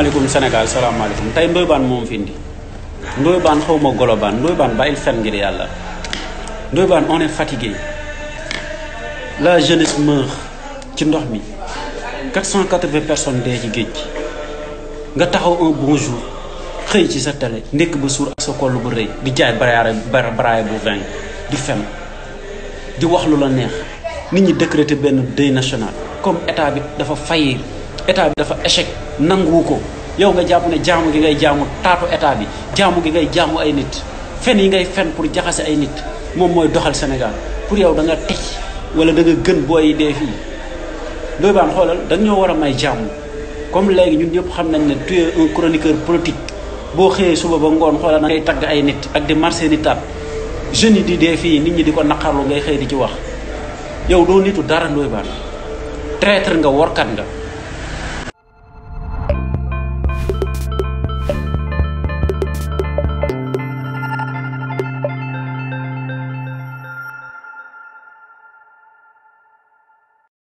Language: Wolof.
salaamaaleykum Sénégal salaamaaleykum tey Ndoye Bane moom fi indi Ndoye Bane xaw ma Golo Bane Ndoye Bane bàyyil fen ngir yàlla Ndoye Bane on est fatigué la jeunesse meurt ci ndox mi 480 personnes dee ci géej nga taxaw un bon jour xëy ci sa télé ndekk ba suur ak sa koll bu rëy di jaay baraay baraay bu vingt di fen di wax lu la neex nit ñi décréter benn deuil national comme état bi dafa faillir état bi dafa échec nanguwu ko yow nga jàpp ne jàmm gi ngay jaamu taatu état bi jaamu gi ngay jaamu ay nit fen yi ngay fen pour jaxase ay nit moom mooy doxal Sénégal pour yow da nga tëj wala da nga gën booy dee fii dooy baan xoolal da ñoo war a may jàmm comme léegi ñun ñëpp xam nañ ne tu un chroniqueur politique boo xëyee suba ba ngoon xoolal na ngay tagg ay nit ak di marché ni taat jeunes yi di dee fii nit ñi di ko naqarlu ngay xëy di ci wax yow doo nitu dara dooy baan traître nga workat nga thank you